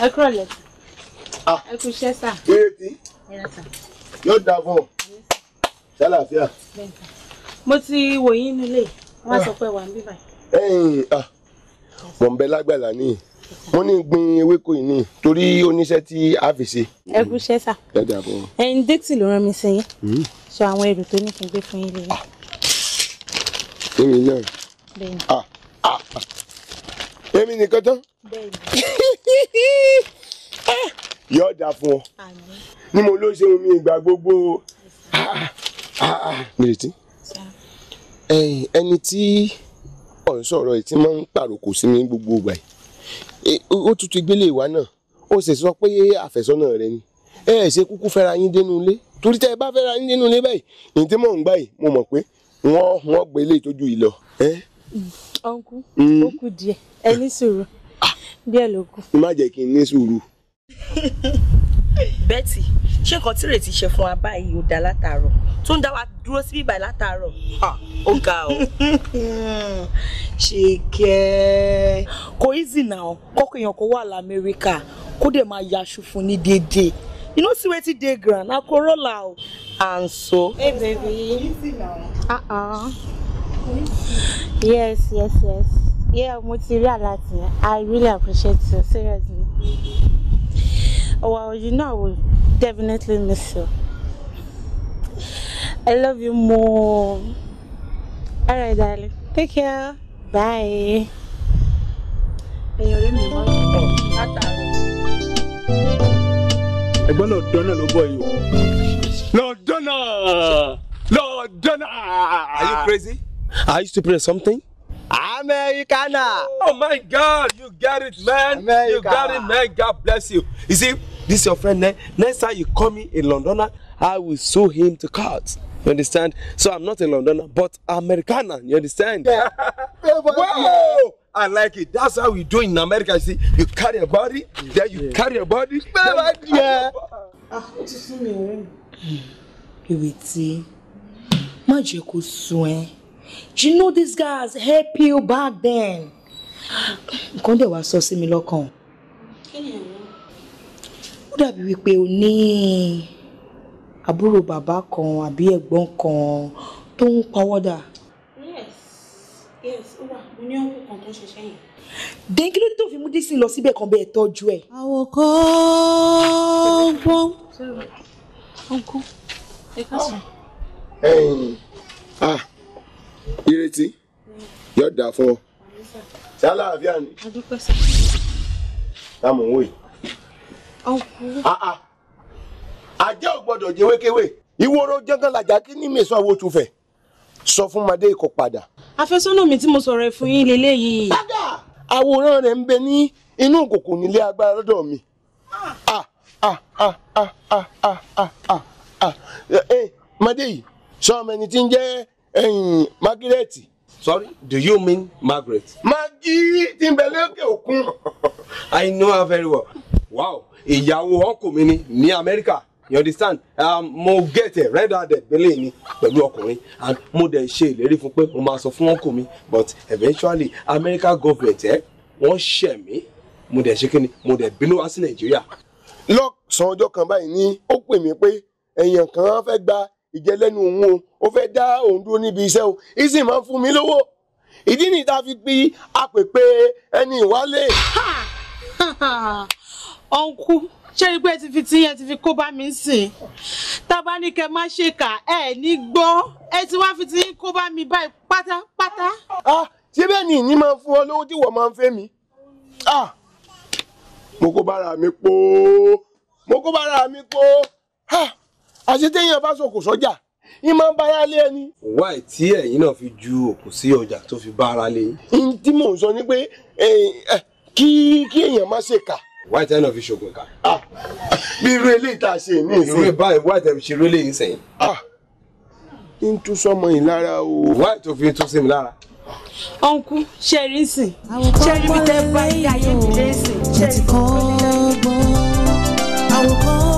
ẹ kúrò lẹ́sà ah. ẹ kú iṣẹ́ sà. ìrètí yóò dà fún ọ ṣàlàáfíà. mo ti wò yín nílé wọn ah. sọ pé wà ń bí báyìí. ẹyìn ah. ń bẹ lágbàlá nìyí mo ní gbin ewéko yìí ni torí oníṣẹ́ tí a fi ṣe. ẹ kú iṣẹ́ sà ẹyin dixie ló rán mi sí yín hmm. sọ àwọn èrò tó ní kí n gbé fún yín lélẹ̀. èmi ah. náà. bẹ́ẹ̀ni èmi nìkan tán yóò dà fún ọ ni mo ló ṣe omi ìgbà gbogbo mìrètí ẹni tí ọ̀ ń sọ̀rọ̀ ẹ̀ tí máa ń pàròkò sí mi gbogbo ìgbà yìí ó tún ti gbélé ìwà náà ó sì sọ pé àfẹ́sọ́nà rẹ ni ẹ ẹ ṣe kúkú fẹ́ra yín dénú ilé torí tẹ́ ẹ bá fẹ́ra yín dénú ilé báyìí ìyẹn tí mò ń gbà yìí mo mọ̀ pé wọ́n wọ́n gbélé ìtọ́jú yìí lọ ọ̀nkú hmm. ó kù díẹ̀ ẹ ní sùúrù díẹ̀ ló kù. má jẹ́ kí n Betty ṣé nǹkan tí rètí ṣe fún wa báyìí ò dá látàárọ̀ tó ń dá wa dúró síbí báyìí látàárọ̀ ó ga o. ṣe kẹ́ easy now kọ́kọ́ èèyàn kó America. lamẹ́ríkà kó dẹ̀ máa yaṣu fún ní déédéé you know see wetin dey ground na corolla o and so. hey baby. easy now. Uh -uh. Yes, yes, yes. Yeah, mo ti rí àláàtì yẹn. I really appreciate you, seriously. Well, you know I will definitely miss you. I love you more. Alright, darling. Take care. Bye. ẹgbẹ́ lọ dọ́nà ló bọ̀ yìí o lọ dọ́nà lọ dọ́nà. Are you crazy? I used to play something. Americana. Oh my God, you get it, man. Americana. You got it, man. God bless you. You see, this is your friend. Ne? Next time you call me a Londoner, I will sue him to court. You understand? So I'm not a Londoner, but Americana. You understand? Yeah. Whoa! I like it. That's how we do in America. You see, you carry a body, then you yeah. carry a body. Then you yeah. Ah, ó ti sún mi o. Ìrètí, má jẹ́ kó sún ẹ́. Do you know these guys help you back then. nǹkan dẹ̀ wá sọ sí mi lọ́kàn. ó dàbí wípé o ní àbúrò bàbá kan àbí ẹ̀gbọ́n kan tó ń pawọ́dà. yes yes ó wà mo ní ọkùnrin kan tó ń ṣiṣẹ́ yẹn. dèkí ló dé tó fi mú dísìn lọ síbẹ̀ kan bẹ́ẹ̀ tọ́jú ẹ̀. àwòkọ́ ọgbọ́n ọgbọ́n ẹ ká ah ìrètí yóò dáa fún ọ ṣé àlàáfíà ni táàmù ń wò yìí. Ah, ah. ajá ò gbọdọ̀ jẹ wékéwé ìwòrò jẹ́gàn làjà kí ní mèsàn owó tún fẹ̀ sọ fún madé kó padà. àfẹ́sọ́nà mi tí mo sọ̀rọ̀ ẹ̀ fún yín lélẹ́yìí. padà àwòrán rẹ̀ ń bẹ ní inú òkùnkùn nílé agbára lọ́dọ̀ mi. madé yìí sọ ọmọ ẹni tí ń jẹ́ ẹ̀yìn Margaret. sorry do you mean Margaret. magi ti ń bẹ lókè òkun. I know her very well. wow ìyàwó ọkọ mi ni ní Amẹ́ríkà you understand um, mo get a red handed bele ni pẹ̀lú ọkùnrin and mo dẹ̀ ṣe ìlérí fún pé mo máa sọ fún ọkọ mi but eventually America government ẹ eh, wọ́n ṣẹ̀ mí mo dẹ̀ ṣe kí ni mo dẹ̀ bínú wá sí Nàìjíríà. lọ́sàn-án ọjọ́ kan báyìí ni ó pè mí pé èèyàn kan fẹ́ gba ìjẹlẹ́nu òun o ó fẹ́ dá òun dúró níbi iṣẹ́ o ìsìn máa ń fún mi lówó ìdí nìyí tá a fi pi àpèpè ẹni ìwálé. ọ̀nkú ṣé rí pé ti fi tíyẹn ti fi kó bá mi sìn tá a bá ní kẹ́ má ṣe kà ẹ ní gbọ́ ẹ ti wá fi ti kó bá mi báyìí pátápátá. ṣé bẹ́ẹ̀ ni ìní máa ń fún ọ lówó tí wọ́n máa ń fẹ́ mi mo kó bára mi pòó mo kó bára mi pòó àṣetẹ́yìn bá sọ̀kò sọ́jà ní máa ń bá ara lé ẹni. wáì tí ẹ̀yin náà fi ju òkú sí ọjà tó fi bá ara lé. n tí mò ń sọ ni pé kí kí èèyàn má ṣe kà. wáì tí ẹ̀yin náà fi ṣoògùn kà. bí irú eléyìí tá a ṣe ní ìsìn. irú báyìí wáì tẹ̀ fi ṣe irú eléyìí sẹ́yìn. n tún sọmọ yìí lára o. wáì tó fi tún sí mi lára ọ̀nkú ṣẹ́rí sìn ṣẹ́rí bí tẹ́ bá ayé mi lé sìn ṣẹ́rí bí tẹ́ bá ayé mi lé sìn.